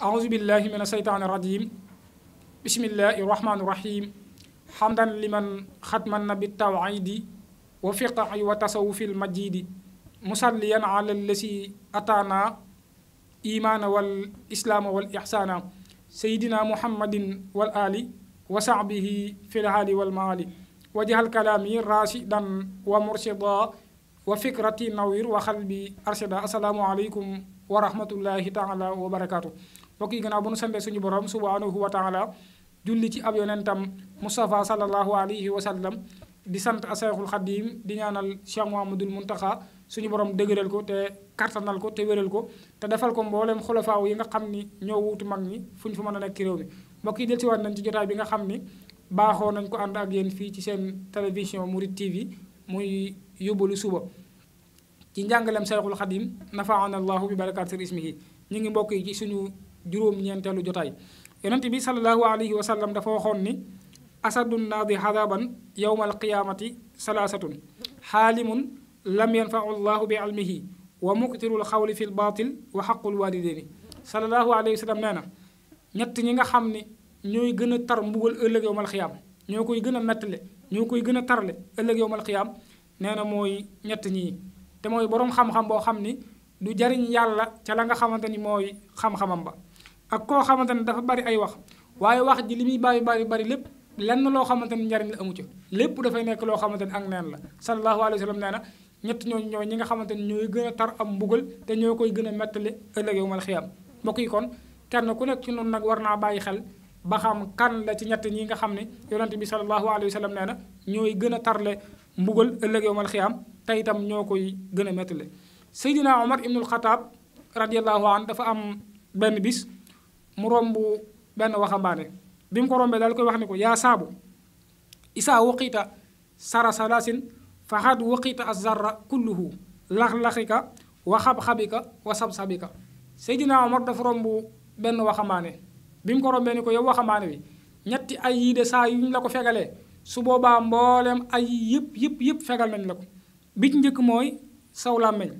أعوذ بالله من الشيطان الرجيم بسم الله الرحمن الرحيم حمدا لمن ختمنا بالتوعيد وفقع وتصوف المجيد مصليا على الذي أتانا إيمان والإسلام والإحسان سيدنا محمد والآل وصحبه في الحال والمال وجه الكلام راشدا ومرشدا وفكرتي نوير وقلبي أرشدا السلام عليكم ورحمة الله تعالى وبركاته mbokk yi gannaaw bu nu santee suñu borom subhanahu wa taala ci ab yonentam Moustapha sallallahu alayhi wa sallam di sant a Seexul Xadiim di ñaanal Cheikh Mouhamadul Muntaxa suñu borom dëgëral ko te kartanal ko te wéral ko te defal ko mbooleem xulafaaw yi nga xam ni ñoo wuutu mag ñi fu ñu fi mën a nekk ci réew mi mbokk yi dellusiwaat nañ ci jotaay bi nga xam ni baaxoo nañ ko ànd ak yéen fii ci seen télévision Mouride TV muy yóbbalu suba ci njàngaleem Seexul Xadiim nafaana allahu bi barakaati yi ñu ngi mbokk yi ci suñu juróom-ñeenteelu jotaay yonent bi sallallahu alayhi wa sallam dafa waxoon ni asadun naadi xadaban yowmal qiyaamati salaasatun xaalimun lam yanfau llahu bi ilmihi wa muktirul xawli fi lbaatil wa xaqul walideeni sallallahu alayhi wa sallam nee na ñett ñi nga xam ne ñooy gën a tar mbugal ëllëg yowmal xiyaam ñoo koy gën a mettale ñoo koy gën a tarle ëllëg yowmal xiyaam nee na mooy ñett ñii te mooy boroom xam-xam boo xam ni du jariñ yàlla ca la nga xamante ni mooy xam-xamam ba ak koo xamante ne dafa bari ay wax waaye wax ji li muy bari bari bari lépp lenn loo xamante ne njariñ la amu ca lépp dafay nekk loo xamante ne ak neen la sallallahu alayhi wa sallam nee na ñett ñooñu ñooy ñi nga xamante ne ñooy gën a tar am mbugal te ñoo koy gën a mettali ëllëg yawmal xiyaam mbokk yi kon kenn ku nekk ci noonu nag war naa bàyyi xel ba xam kan la ci ñett ñi nga xam ne yonent bi sallallahu alayhi wa sallam nee na ñooy gën a tarle mbugal ëllëg yawmal xiyaam te itam ñoo koy gën a mettali Seydina Omar ibnul Xataab radiyallahu an dafa am benn bis mu romb benn waxambaane bi mu ko rombee daal koy wax ne ko yaa saabu isaa waqita sara salasin faxad waqita azarra kulluhu lax-laxika wa xab-xabika wa sab-sabika Seydina Omar dafa romb benn waxambaane bi mu ko rombee ni ko yow waxambaane bi ñetti ay yii de saa yuñ la ko fegalee su boobaa mbooleem ay yëpp yëpp yëpp fegal nañ la ko bi ci njëkk mooy saw làmmeñ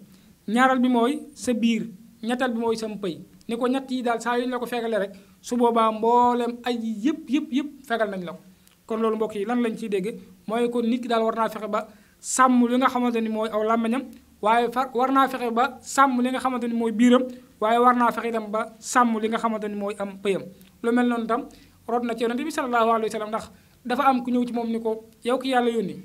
ñaaral bi mooy sa biir ñetteel bi mooy sam pëy ni ko ñett yi daal saa yu ñu la ko fegale rek su boobaa mboolem ay yëpp yëpp yëpp fegal nañ la ko kon loolu mbokk yi lan lañ ciy dégg mooy kon nit ki daal war naa fexe ba sàmm li nga xamante ni mooy aw làmmiñam waaye far war naa fexe ba sàmm li nga xamante ni mooy biiram waaye war naa fexe itam ba sàmm li nga xamante ni mooy am pëyam lu mel noonu tam rot na ci yonente bi sallallahu alayhi wa sallam ndax dafa am ku ñëw ci moom ni ko yow ki yàlla yónni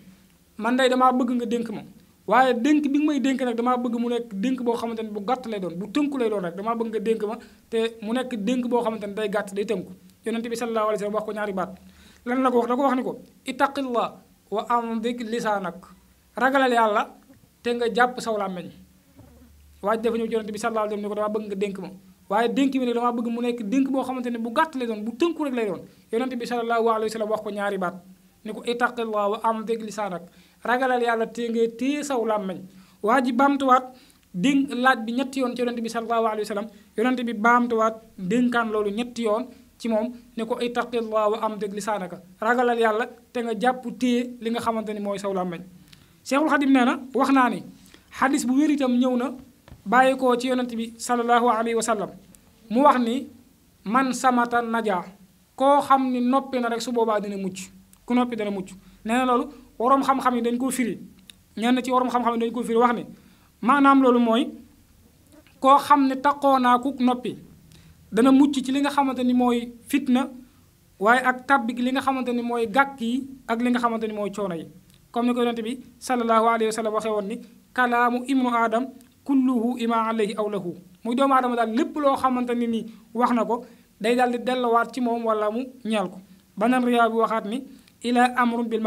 man day damaa bëgg nga dénk ma waaye dénk bi nga may dénk nag damaa bëgg mu nekk dénk boo xamante ne bu gàtt lay doon bu tënku lay doon rek damaa bëgg nga dénk te mu nekk dénk boo xamante ne day gàtt day tënku yonente bi sallallahu alayhi wa sallam wax ko ñaari baat lan la ko wax da ko wax ni ko ittaqillah wa amdik lisaanak ragalal yàlla te nga jàpp saw làmmeñ waaye dafa ñëw ci yonente bi sallallahu alayhi ko damaa bëgg nga dénk ma waaye dénk bi nag bëgg mu nekk dénk boo xamante ne bu gàtt lay doon bu tënku rek lay doon yonente bi sallallahu alayhi wa sallam wax ko ñaari baat ni ko ittaqillah wa amdik lisaanak ragalal yalla tinge ti saw lamagn waji bamtu wat ding laaj bi ñetti yoon ci yonente bi sallallahu alayhi wa bi bamtu bi ding kan lolu ñetti yoon ci mom ne ko taqillahu wa amdik lisanaka ragalal yalla te nga japp ti li nga xamanteni moy saw lamagn cheikhul khadim neena na ni hadith bu wér ñewna bayiko ci yonente bi sallallahu alayhi wasallam mu wax ni man samata najah. Ko xamni noppi na rek su boba dina mucc ku noppi mucc neena lolu waroom xam-xam yi dañ firi ñenn ci waroom xam-xam dañ koo firi wax ne maanaam loolu moy ko xam ne taqoo ku nopi dana mucc ci li nga xamante fitna waaye ak tabbi li nga xamante ni mooy yi ak li nga xamante ni yi comme bi sallallahu alayhi wasallam sallam waxee ni ibnu kulluhu ima alayhi aw lahu muy doomu aadama daal lépp loo xamante ni wax ko day daal di dellowaat ci moom wala mu ñeel ko beneen riyaa bi ni ila amrun bil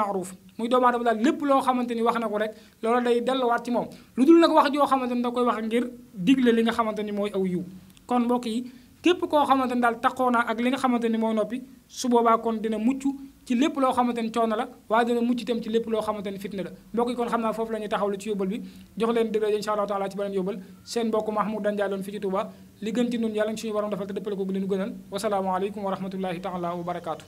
muy doomu aadama daal lépp loo xamante ni wax na ko rek loolu day delluwaat ci moom lu dul nag wax joo xamante ni da koy wax ngir digle li nga xamante ni mooy aw yiw kon mbokk yi képp koo xamante ni daal taxoo naa ak li nga xamante ni mooy noppi su boobaa kon dina mucc ci lépp loo xamante ni coono la waaye dina mucc itam ci lépp loo xamante ni fitna la mbokk yi kon xam naa foofu la ñuy taxaw la ci yóbbal bi jox leen dëgg insha allah taala ci beneen yóbbal